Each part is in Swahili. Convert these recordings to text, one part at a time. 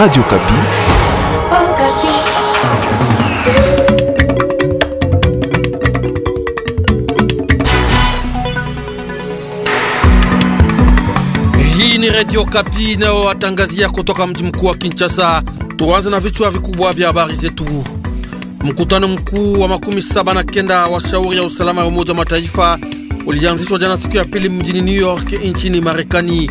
Radio Kapi. Oh, Kapi. Hii ni Radio Kapi nao watangazia kutoka mji mkuu wa Kinshasa. Tuanze na vichwa vikubwa vya habari zetu. Mkutano mkuu wa makumi saba na kenda wa shauri ya usalama ya Umoja wa Mataifa ulianzishwa jana siku ya pili mjini New York nchini Marekani.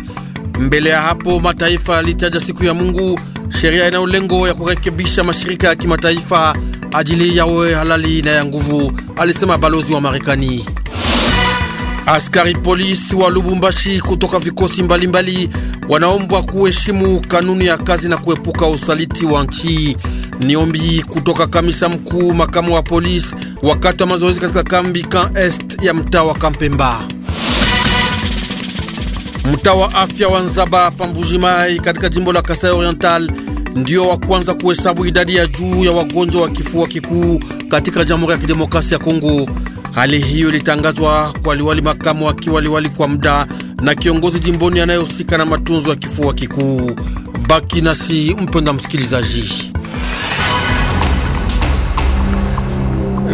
Mbele ya hapo mataifa yalitaja siku ya Mungu sheria inayo lengo ya kurekebisha mashirika ya kimataifa ajili yawe halali na ya nguvu, alisema balozi wa Marekani. Askari polisi wa Lubumbashi kutoka vikosi mbalimbali wanaombwa kuheshimu kanuni ya kazi na kuepuka usaliti wa nchi. Ni ombi kutoka kamisa mkuu makamu wa polisi wakati wa mazoezi katika kambi Camp Est ya mtaa wa Kampemba. Mtaa wa afya wa Nzaba Pambujimai katika jimbo la Kasai Oriental ndio wa kwanza kuhesabu idadi ya juu ya wagonjwa wa kifua kikuu katika Jamhuri ya Kidemokrasia ya Kongo. Hali hiyo ilitangazwa kwa liwali makamu wa kiwaliwali kwa muda na kiongozi jimboni anayehusika na matunzo ya kifua kikuu. Baki nasi mpenda msikilizaji,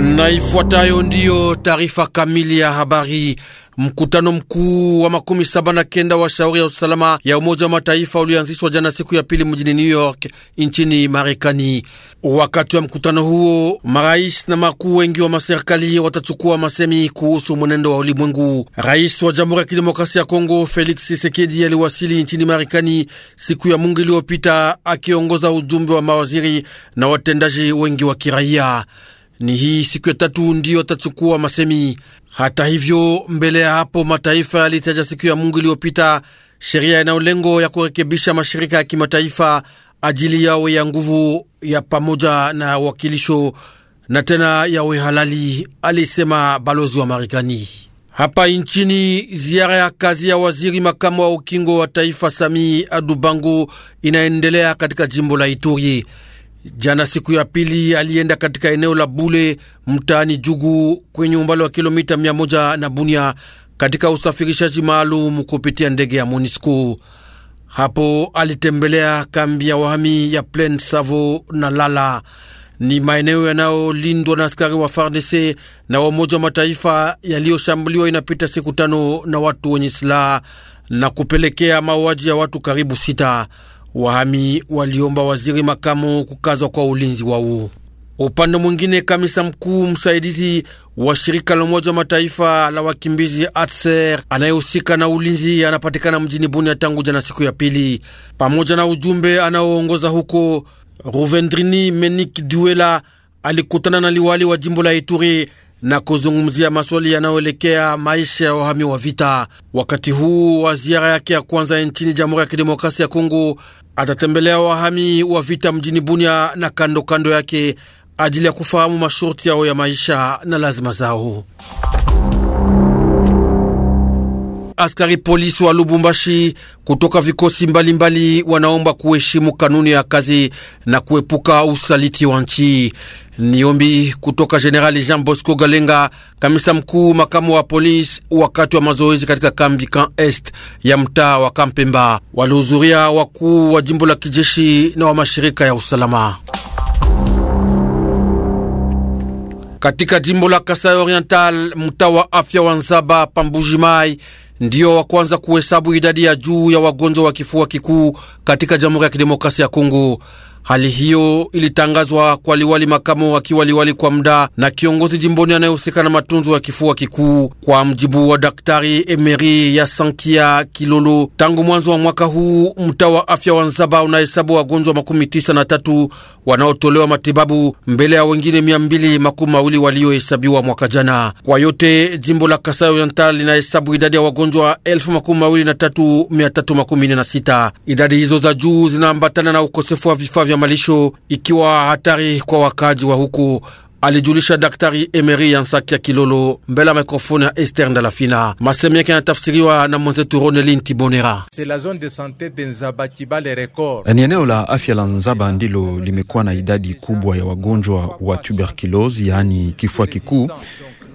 na ifuatayo ndiyo taarifa kamili ya habari. Mkutano mkuu wa makumi saba na kenda wa shauri ya usalama ya Umoja wa Mataifa ulioanzishwa jana siku ya pili mjini New York nchini Marekani. Wakati wa mkutano huo, marais na makuu wengi wa maserikali watachukua masemi kuhusu mwenendo wa ulimwengu. Rais wa Jamhuri ya Kidemokrasia ya Kongo Felix Tshisekedi aliwasili nchini Marekani siku ya Mungu iliyopita akiongoza ujumbe wa mawaziri na watendaji wengi wa kiraia. Ni hii siku ya tatu ndiyo atachukua masemi hata hivyo, mbele ya hapo mataifa yalitaja siku ya Mungu iliyopita sheria inayo lengo ya kurekebisha mashirika ya kimataifa ajili yawe ya nguvu ya pamoja na wakilisho na tena yawe halali, alisema balozi wa Marekani hapa nchini. Ziara ya kazi ya waziri makamu wa ukingo wa taifa Sami Adubangu inaendelea katika jimbo la Ituri. Jana siku ya pili alienda katika eneo la Bule mtaani Jugu kwenye umbali wa kilomita mia moja na Bunia katika usafirishaji maalum kupitia ndege ya monisco Hapo alitembelea kambi ya wahami ya plan Savo na Lala, ni maeneo yanayolindwa na askari wa FARDC na wa Umoja wa Mataifa yaliyoshambuliwa inapita siku tano na watu wenye silaha na kupelekea mauaji ya watu karibu sita. Wahami waliomba waziri makamu kukazwa kwa ulinzi wao. Upande mwingine, kamisa mkuu msaidizi wa shirika la Umoja wa Mataifa la wakimbizi ATSER anayehusika na ulinzi anapatikana mjini Bunia tangu jana siku ya pili, pamoja na ujumbe anaoongoza huko. Ruvendrini Menik Duela alikutana na liwali wa jimbo la Ituri na kuzungumzia maswali yanayoelekea maisha ya wahami wa vita. Wakati huu wa ziara yake ya kwanza nchini Jamhuri ya Kidemokrasia ya Kongo, atatembelea wahami wa vita mjini Bunia na kando kando yake ajili ya kufahamu masharti yao ya maisha na lazima zao. Askari polisi wa Lubumbashi kutoka vikosi mbalimbali mbali, wanaomba kuheshimu kanuni ya kazi na kuepuka usaliti wa nchi. Ni ombi kutoka Jenerali Jean Bosco Galenga, kamisa mkuu makamu wa polisi, wakati wa mazoezi katika kambi Camp Est ya mtaa wa Kampemba. Walihudhuria wakuu wa jimbo la kijeshi na wa mashirika ya usalama. Katika jimbo la Kasai Oriental, mtaa wa afya wa Nzaba Pambujimai ndiyo wa kwanza kuhesabu idadi ya juu ya wagonjwa wa kifua kikuu katika Jamhuri ya Kidemokrasia ya Kongo. Hali hiyo ilitangazwa kwa liwali makamo akiwa liwali kwa muda na kiongozi jimboni anayehusika na matunzo ya kifua kikuu, kwa mjibu wa daktari emery ya Sankia Kilolo. Tangu mwanzo wa mwaka huu mtaa wa afya wa Nzaba unahesabu wagonjwa makumi tisa na tatu wanaotolewa matibabu mbele ya wengine mia mbili makumi mawili waliohesabiwa mwaka jana. Kwa yote jimbo la Kasai Oriental linahesabu idadi ya wagonjwa elfu makumi mawili na tatu mia tatu makumi nne na sita. Idadi hizo za juu zinaambatana na ukosefu wa vifaa vya ya malisho ikiwa hatari kwa wakaji wa huku, alijulisha Daktari Emery Yansaki ya Kilolo mbele ya mikrofoni ya Ester Ndalafina. Masemi yake yanatafsiriwa na mwenzetu Ronelin Tibonera. Ni eneo la afya la Nzaba ndilo limekuwa na idadi kubwa ya wagonjwa wa tuberculosi, yaani kifua kikuu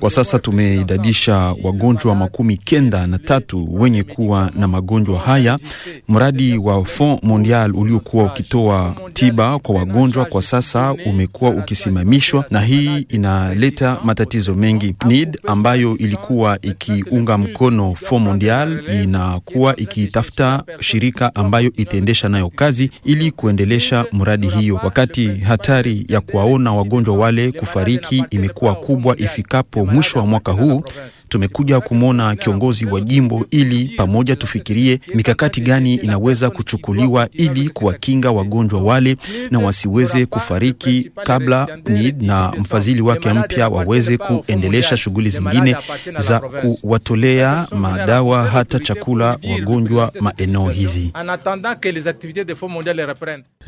kwa sasa tumeidadisha wagonjwa makumi kenda na tatu wenye kuwa na magonjwa haya. Mradi wa Fond Mondial uliokuwa ukitoa tiba kwa wagonjwa kwa sasa umekuwa ukisimamishwa, na hii inaleta matatizo mengi. PNID ambayo ilikuwa ikiunga mkono Fond Mondial inakuwa ikitafuta shirika ambayo itaendesha nayo kazi ili kuendelesha mradi hiyo, wakati hatari ya kuwaona wagonjwa wale kufariki imekuwa kubwa ifikapo mwisho wa mwaka huu tumekuja kumwona kiongozi wa jimbo ili pamoja tufikirie mikakati gani inaweza kuchukuliwa ili kuwakinga wagonjwa wale na wasiweze kufariki kabla ni na mfadhili wake mpya waweze kuendelesha shughuli zingine za kuwatolea madawa hata chakula wagonjwa maeneo hizi.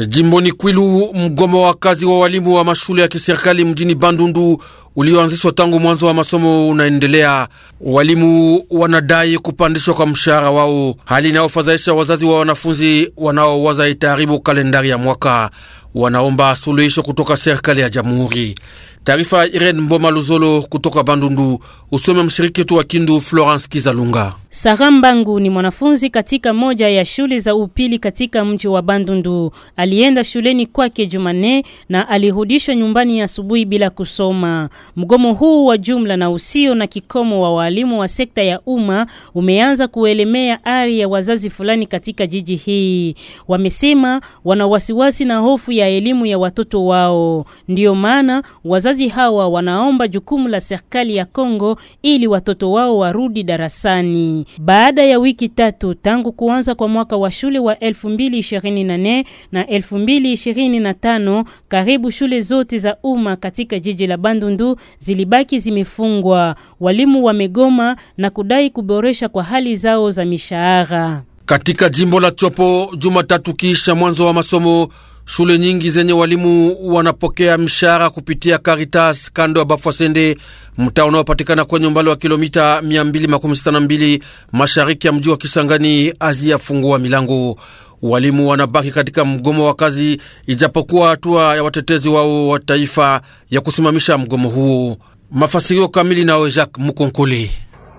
Jimboni Kwilu, mgomo wa kazi wa walimu wa mashule ya kiserikali mjini Bandundu ulioanzishwa tangu mwanzo wa masomo unaendelea. Walimu wanadai kupandishwa kwa mshahara wao, hali inayofadhaisha wazazi wa wanafunzi wanaowaza itaharibu kalendari ya mwaka. Wanaomba suluhisho kutoka serikali ya jamhuri. Taarifa Irene Mboma Luzolo kutoka Bandundu, usome mshiriki wetu wa Kindu Florence Kizalunga. Sara Mbangu ni mwanafunzi katika moja ya shule za upili katika mji wa Bandundu. Alienda shuleni kwake Jumanne na alirudishwa nyumbani asubuhi bila kusoma. Mgomo huu wa jumla na usio na kikomo wa walimu wa sekta ya umma umeanza kuelemea ari ya wazazi fulani katika jiji hii. Wamesema wana wasiwasi na hofu ya elimu ya watoto wao. Ndiyo maana wazazi wazazi hawa wanaomba jukumu la serikali ya Kongo ili watoto wao warudi darasani. Baada ya wiki tatu tangu kuanza kwa mwaka wa shule wa 2024 na 2025, karibu shule zote za umma katika jiji la Bandundu zilibaki zimefungwa. Walimu wamegoma na kudai kuboresha kwa hali zao za mishahara. Katika jimbo la Chopo, Jumatatu kisha mwanzo wa masomo Shule nyingi zenye walimu wanapokea mshahara kupitia Caritas kando ya Bafwasende, mtaa unaopatikana kwenye umbali wa kilomita 262 mashariki ya mji wa Kisangani. aziyafungua milango, walimu wanabaki katika mgomo wa kazi, ijapokuwa hatua ya watetezi wao wa taifa ya kusimamisha mgomo huo. Mafasirio kamili nawe Jacques Mukonkole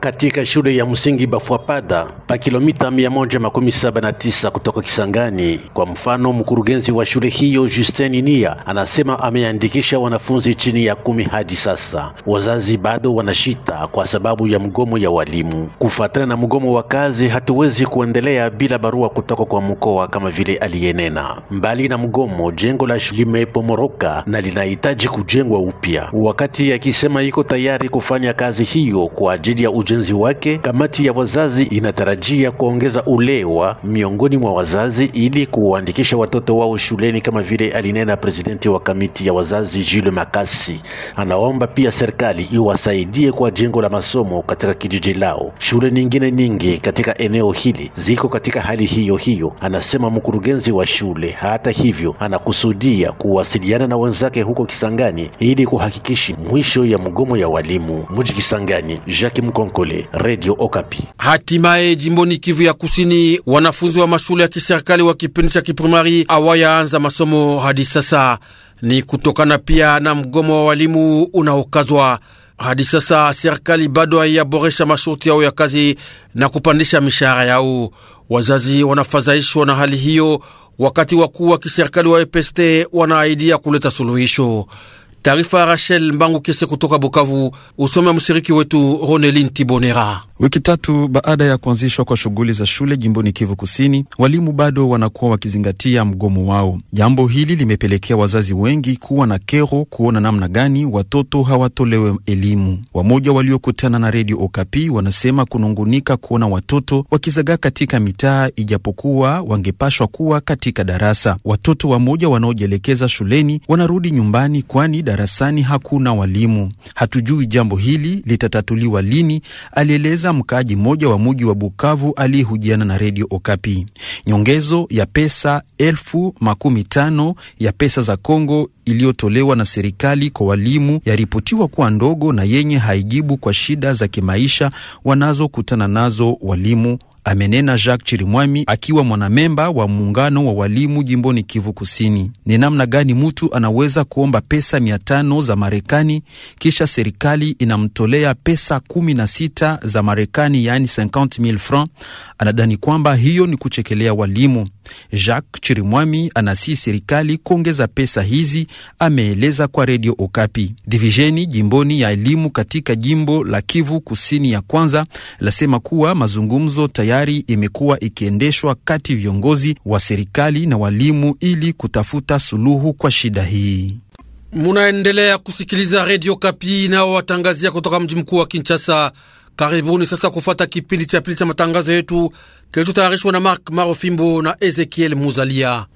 katika shule ya msingi Bafwapada pa kilomita 179 kutoka Kisangani. Kwa mfano, mkurugenzi wa shule hiyo Justin Nia anasema ameandikisha wanafunzi chini ya kumi hadi sasa. Wazazi bado wanashita kwa sababu ya mgomo ya walimu. Kufuatana na mgomo wa kazi, hatuwezi kuendelea bila barua kutoka kwa mkoa, kama vile aliyenena. Mbali na mgomo, jengo la shule limepomoroka na linahitaji kujengwa upya, wakati akisema iko tayari kufanya kazi hiyo kwa ajili ya ujenzi ujenzi wake, kamati ya wazazi inatarajia kuongeza ulewa miongoni mwa wazazi ili kuwaandikisha watoto wao shuleni, kama vile alinena presidenti wa kamati ya wazazi Jules Makasi. Anaomba pia serikali iwasaidie kwa jengo la masomo katika kijiji lao. Shule nyingine nyingi katika eneo hili ziko katika hali hiyo hiyo, anasema mkurugenzi wa shule. Hata hivyo, anakusudia kuwasiliana na wenzake huko Kisangani ili kuhakikisha mwisho ya mgomo ya walimu mji Kisangani. Jacques Mkonko Kabale, Radio Okapi. Hatimaye jimboni Kivu ya Kusini, wanafunzi wa mashule ya kiserikali wa kipindi cha kiprimari hawayaanza masomo hadi sasa, ni kutokana pia na mgomo wa walimu unaokazwa hadi sasa. Serikali bado haiyaboresha masharti yao ya kazi na kupandisha mishahara yao. Wazazi wanafadhaishwa na hali hiyo, wakati wakuu wa kiserikali wa EPST wanaahidia kuleta suluhisho. Taarifa ya Rachel Mbangu Kese kutoka Bukavu, usome mshiriki wetu Ronelin Tibonera. Wiki tatu baada ya kuanzishwa kwa shughuli za shule jimboni Kivu Kusini, walimu bado wanakuwa wakizingatia mgomo wao. Jambo hili limepelekea wazazi wengi kuwa na kero kuona namna gani watoto hawatolewe elimu. Wamoja waliokutana na redio Okapi wanasema kunungunika kuona watoto wakizagaa katika mitaa, ijapokuwa wangepashwa kuwa katika darasa. Watoto wamoja wanaojielekeza shuleni wanarudi nyumbani, kwani darasani hakuna walimu. Hatujui jambo hili litatatuliwa lini, alieleza ameeleza mkaaji mmoja wa muji wa Bukavu aliyehujiana na redio Okapi. Nyongezo ya pesa elfu makumi tano ya pesa za Kongo iliyotolewa na serikali kwa walimu yaripotiwa kuwa ndogo na yenye haijibu kwa shida za kimaisha wanazokutana nazo walimu amenena Jacques Chirimwami akiwa mwanamemba wa muungano wa walimu jimboni Kivu Kusini. Ni namna gani mtu anaweza kuomba pesa mia tano za Marekani kisha serikali inamtolea pesa kumi na sita za Marekani, yaani 50,000 francs? Anadhani kwamba hiyo ni kuchekelea walimu. Jacques Chirimwami anasii serikali kuongeza pesa hizi, ameeleza kwa redio Okapi. Divisheni jimboni ya elimu katika jimbo la Kivu Kusini ya kwanza lasema kuwa mazungumzo tayari imekuwa ikiendeshwa kati viongozi wa serikali na walimu ili kutafuta suluhu kwa shida hii. Munaendelea kusikiliza redio Kapi inayowatangazia kutoka mji mkuu wa Kinshasa. Karibuni sasa kufuata kipindi cha pili cha matangazo yetu kilichotayarishwa na Mark Marofimbo na Ezekiel Muzalia.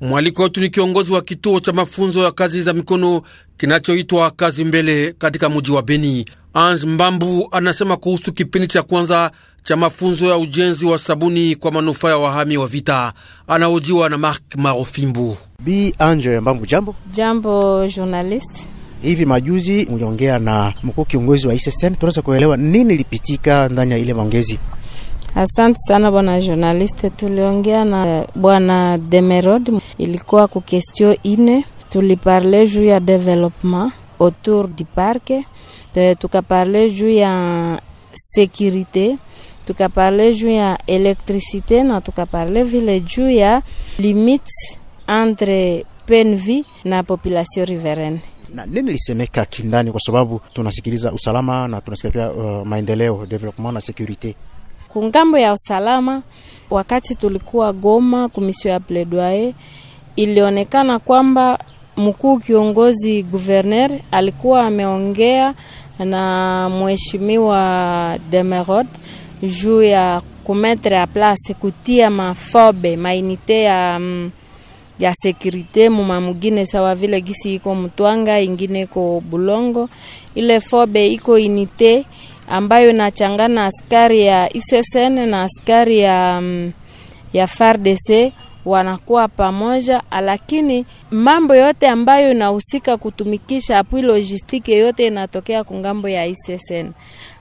Mwaliko wetu ni kiongozi wa kituo cha mafunzo ya kazi za mikono kinachoitwa Kazi Mbele katika muji wa Beni. Ange Mbambu anasema kuhusu kipindi cha kwanza cha mafunzo ya ujenzi wa sabuni kwa manufaa ya wahami wa vita. anaojiwa na Mark Marofimbu. Bi Ange Mbambu, jambo jambo journalist. Hivi majuzi mliongea na mkuu kiongozi wa ISSN, tunaweza kuelewa nini ilipitika ndani ya ile maongezi? Asante sana bwana journaliste, tuliongea na eh, bwana Demerod, ilikuwa ku question ine, tuliparle juu ya development autour du parc, tukaparle juu ya securite tukaparle juu ya elektrisite na tukaparle vile juu ya limite entre penvi na population riveraine na nini lisemeka kindani, kwa sababu tunasikiliza usalama na tunasikia uh, maendeleo development na securite kungambo ya usalama. Wakati tulikuwa Goma kumisio ya plaidoyer, ilionekana kwamba mkuu kiongozi guverner alikuwa ameongea na mheshimiwa Demerod juu ya kumetre a place kutia mafobe mainite ya mm, ya sekurite muma mugine sawa vile gisi iko Mtwanga, ingine iko Bulongo. Ile fobe iko inite ambayo inachangana askari ya ISSN na askari ya, ya mm, FARDC wanakuwa pamoja, lakini mambo yote ambayo inahusika kutumikisha apui logistike yote inatokea kungambo ya ICSN.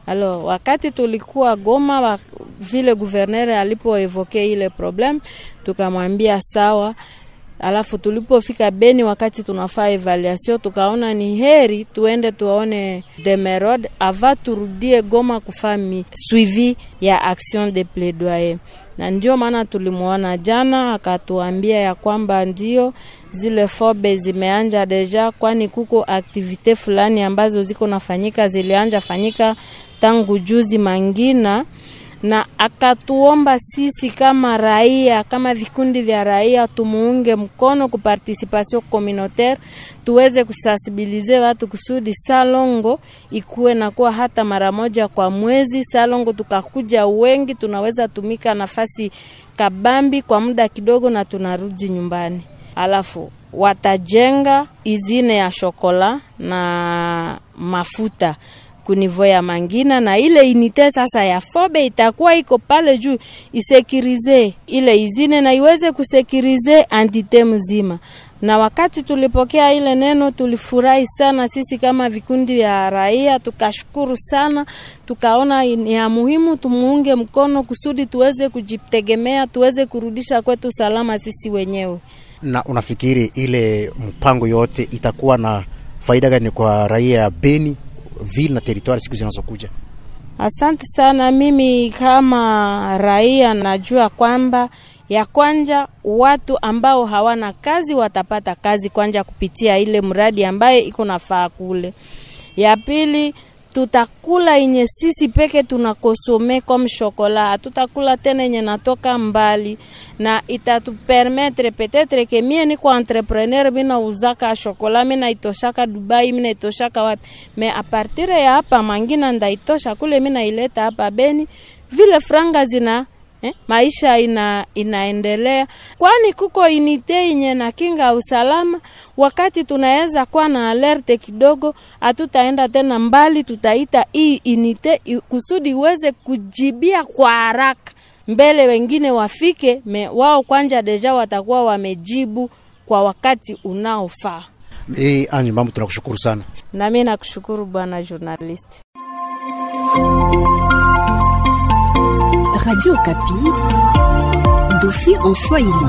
Alo, wakati tulikuwa Goma wa, vile guverner alipoevoke ile problem, tukamwambia sawa Alafu tulipofika Beni, wakati tunafaa evaluation, tukaona ni heri tuende tuone Demerod ava turudie Goma kufami suivi ya action de plaidoyer na ndio maana tulimwona jana, akatuambia ya kwamba ndio zile fobe zimeanja deja, kwani kuko aktivite fulani ambazo ziko nafanyika zilianja fanyika tangu juzi Mangina na akatuomba sisi kama raia, kama vikundi vya raia tumuunge mkono ku participation communautaire, tuweze kusensibilize watu kusudi salongo ikuwe na kuwa hata mara moja kwa mwezi. Salongo tukakuja wengi, tunaweza tumika nafasi kabambi kwa muda kidogo, na tunarudi nyumbani, alafu watajenga izine ya shokola na mafuta kunivo ya Mangina, na ile inite sasa ya fobe itakuwa iko pale juu isekirize ile izine na iweze kusekirize antite mzima. Na wakati tulipokea ile neno tulifurahi sana sisi kama vikundi vya raia, tukashukuru sana, tukaona ni ya muhimu tumuunge mkono kusudi tuweze kujitegemea, tuweze kurudisha kwetu salama sisi wenyewe. Na unafikiri ile mpango yote itakuwa na faida gani kwa raia ya Beni? vile na teritori siku zinazokuja. Asante sana. Mimi kama raia najua kwamba ya kwanja watu ambao hawana kazi watapata kazi kwanja kupitia ile mradi ambaye iko nafaa kule. Ya pili tutakula yenye sisi peke tunakosome comme shokola, hatutakula tena yenye natoka mbali, na itatupermetre petetre ke mie niko entrepreneur, mina uzaka shokola, mina itoshaka Dubai, mina itoshaka wapi, me a apartire ya hapa mangina ndaitosha kule, mina ileta hapa Beni, vile franga zina eh? Maisha ina, inaendelea, kwani kuko inite inye na kinga usalama. Wakati tunaweza kuwa na alerte kidogo, hatutaenda tena mbali, tutaita hii inite kusudi iweze kujibia kwa haraka mbele wengine wafike me, wao kwanja deja watakuwa wamejibu kwa wakati unaofaa. E, Anji Mambo, tunakushukuru sana. Nami nakushukuru bwana journalist. Radio Kapi, dossier en Swahili.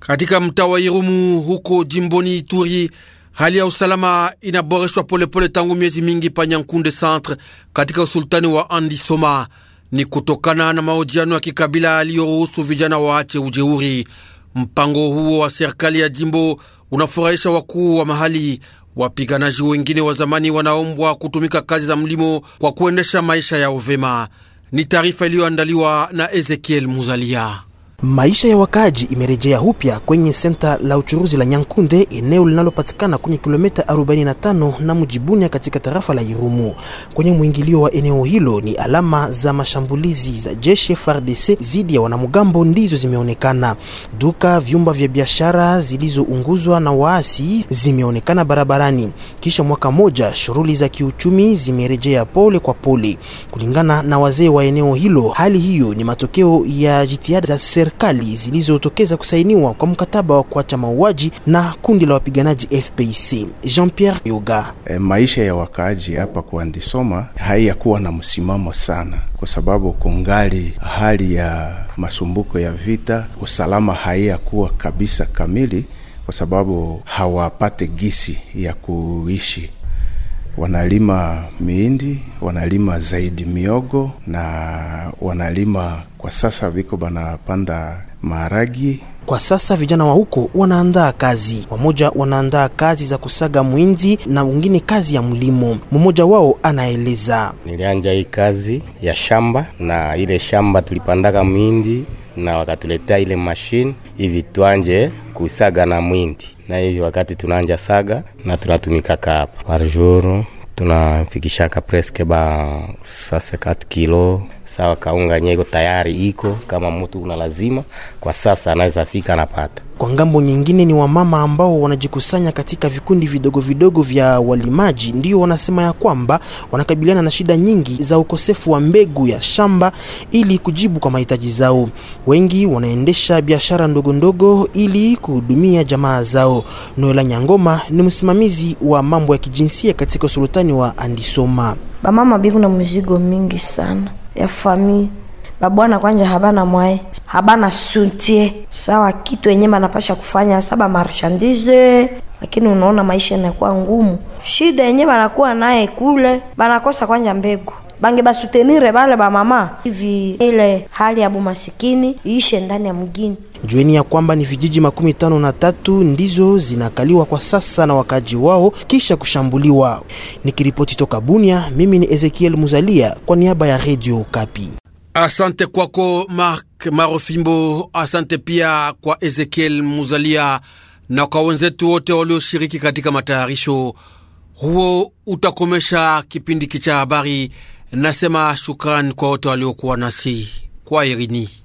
Katika mtaa wa Irumu huko jimboni Ituri, hali ya usalama inaboreshwa polepole tangu miezi mingi pa Nyankunde centre katika usultani wa Andisoma. Ni kutokana na mahojiano ya kikabila aliyoruhusu vijana waache ujeuri. Mpango huo wa serikali ya jimbo unafurahisha wakuu wa mahali. Wapiganaji wengine wa zamani wanaombwa kutumika kazi za mlimo kwa kuendesha maisha ya uvema. Ni taarifa iliyoandaliwa na Ezekiel Muzalia. Maisha ya wakaaji imerejea upya kwenye senta la uchuruzi la Nyankunde, eneo linalopatikana kwenye kilomita 45 na Mujibunia katika tarafa la Irumu. Kwenye mwingilio wa eneo hilo ni alama za mashambulizi za jeshi FRDC dhidi ya wanamgambo ndizo zimeonekana. Duka, vyumba vya biashara zilizounguzwa na waasi zimeonekana barabarani. Kisha mwaka moja, shughuli za kiuchumi zimerejea pole kwa pole. Kulingana na wazee wa eneo hilo, hali hiyo ni matokeo ya jitihada za serikali zilizotokeza kusainiwa kwa mkataba wa kuacha mauaji na kundi la wapiganaji FPC. Jean Pierre Yoga: e, maisha ya wakaaji hapa kwa Ndisoma haiyakuwa na msimamo sana, kwa sababu kungali hali ya masumbuko ya vita, usalama haiyakuwa kabisa kamili, kwa sababu hawapate gisi ya kuishi wanalima mihindi, wanalima zaidi miogo na wanalima kwa sasa viko banapanda maharagi. Kwa sasa vijana wa huko wanaandaa kazi, wamoja wanaandaa kazi za kusaga mwindi na wengine kazi ya mlimo. Mmoja wao anaeleza: nilianja hii kazi ya shamba, na ile shamba tulipandaka mwindi na wakatuletea ile mashine hivi twanje kusaga na mwindi na hiyo wakati tunanja saga na tunatumikaka hapa parjour tunafikishaka preske ba sasa kati kilo sawa, kaunga nyeiko tayari iko kama mtu una lazima kwa sasa anaweza fika anapata kwa ngambo nyingine ni wamama ambao wanajikusanya katika vikundi vidogo vidogo vya walimaji, ndio wanasema ya kwamba wanakabiliana na shida nyingi za ukosefu wa mbegu ya shamba ili kujibu kwa mahitaji zao. Wengi wanaendesha biashara ndogo ndogo ili kuhudumia jamaa zao. Noela Nyangoma ni msimamizi wa mambo ya kijinsia katika usultani wa Andisoma. Bamama bivu na mzigo mingi sana ya famii babwana kwanja habana mwae habana suntie sawa kitu yenye banapasha kufanya saba marshandise lakini unaona maisha inakuwa ngumu shida yenye banakuwa naye kule banakosa kwanja mbegu bange basutenire bale bamama hivi ile hali ya bumasikini iishe ndani ya mgini. Jueni ya kwamba ni vijiji makumi tano na tatu ndizo zinakaliwa kwa sasa na wakaji wao kisha kushambuliwa. Nikiripoti toka Bunia, mimi ni Ezekiel Muzalia kwa niaba ya Radio Kapi. Asante kwako Mark Marofimbo, asante pia kwa Ezekiel Muzalia na kwa wenzetu wote walioshiriki katika matayarisho. Huo utakomesha kipindi kicha habari. Nasema shukrani kwa wote waliokuwa nasi kwa Irini.